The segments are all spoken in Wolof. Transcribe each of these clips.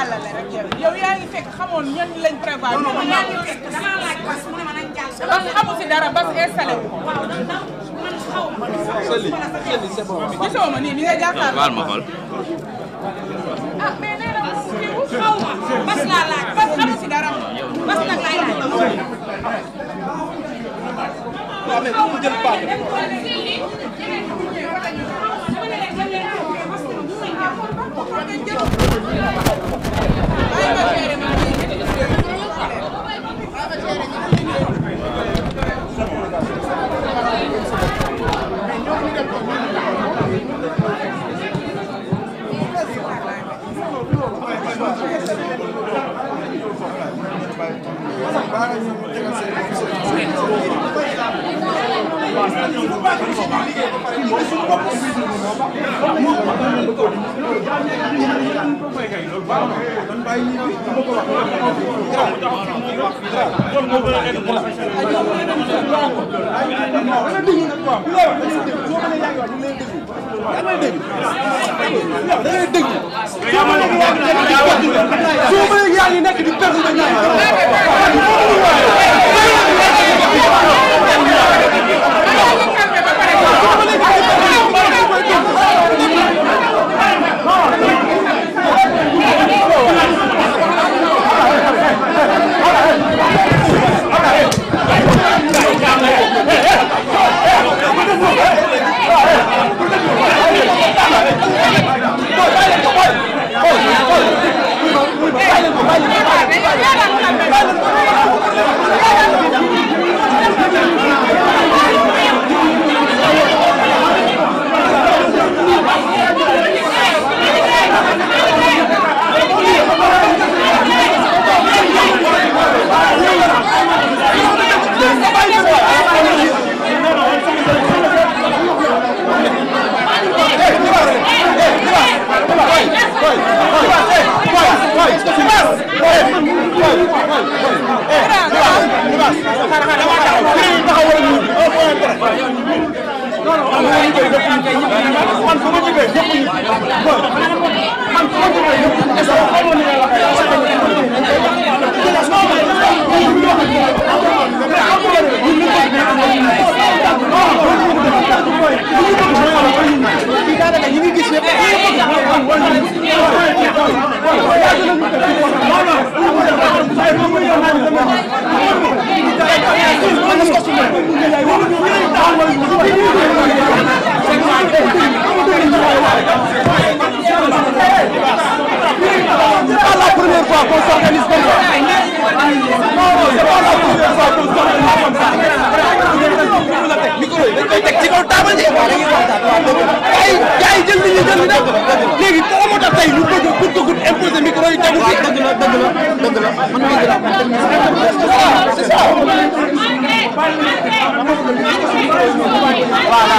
jàllale rek yow yaa ngi fekk xamoon ñan lañ prévoir. non non yaa ngi fekk damaa laaj bas mu ne ma nañ jàll. bas amu fi dara bas installé wu. waaw man xaw ma. Sëli Sëli c'est bon. gisoo ma nii ni nga jàkkaarloo. baal ma xool. ah mais nee na mu kii wu xaw ma bas laa laaj bas amu fi dara bas nag laay laaj. waaw mais bu mu jël paaka. waaw da ngay dégg yi jël nit ñi jël nit ñi léegi dara moo tax tey ñu bëgg a gudd gudd imposé micro yi tegu ci. dëgg la dëgg la dëgg la man dëgg la waaw c'est ça. voilà.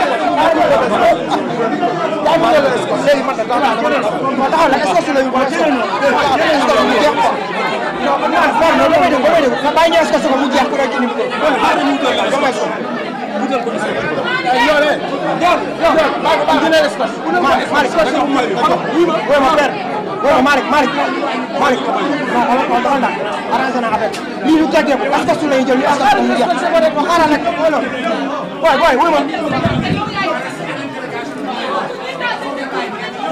waaw waaw waaw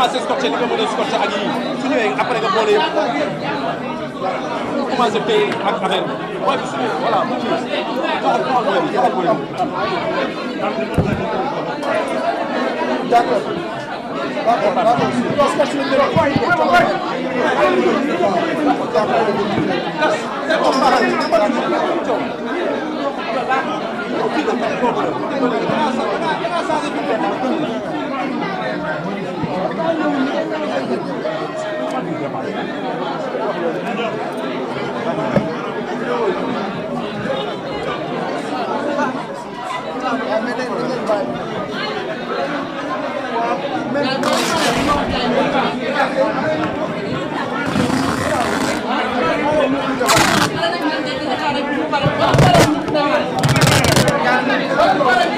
C'est scotché li nga mën a à ak yii su le après nga boole yëpp voilà à D'accord. ak affaire bi mooy voilà d'accord D'accord. d'accord. d'accord d'accord le d'accord. Para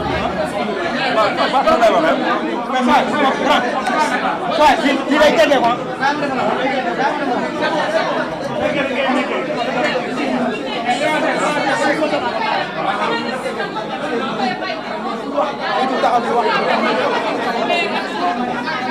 waaw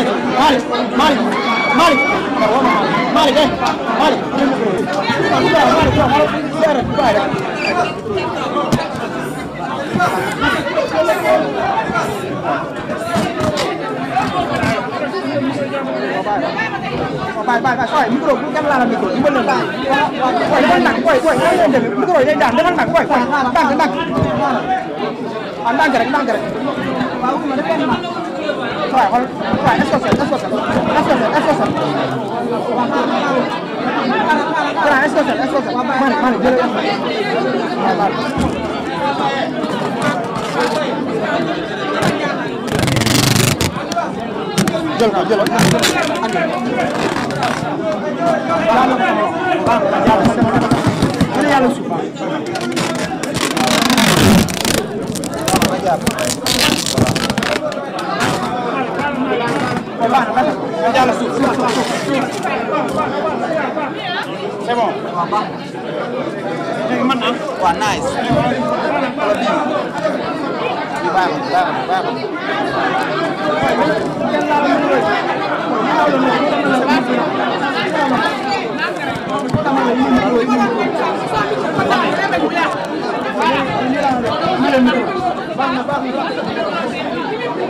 Malik, Malik, Malik, Malik, Malik, eh, Malik. Bài bài bài quẩy micro cũng cắt là micro cũng bên lần bài quẩy bên nặng quẩy quẩy quẩy lên để micro lên đàn nó đang nặng quẩy quẩy đang cái nặng anh đang cái đang cái waaye xool waaye stoppé stoppé stoppé Andiamo su, su, su, su. Sei buono? Che manna? Qua, nice. Alla bimba. Bravo, bravo, bravo.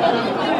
Thank you.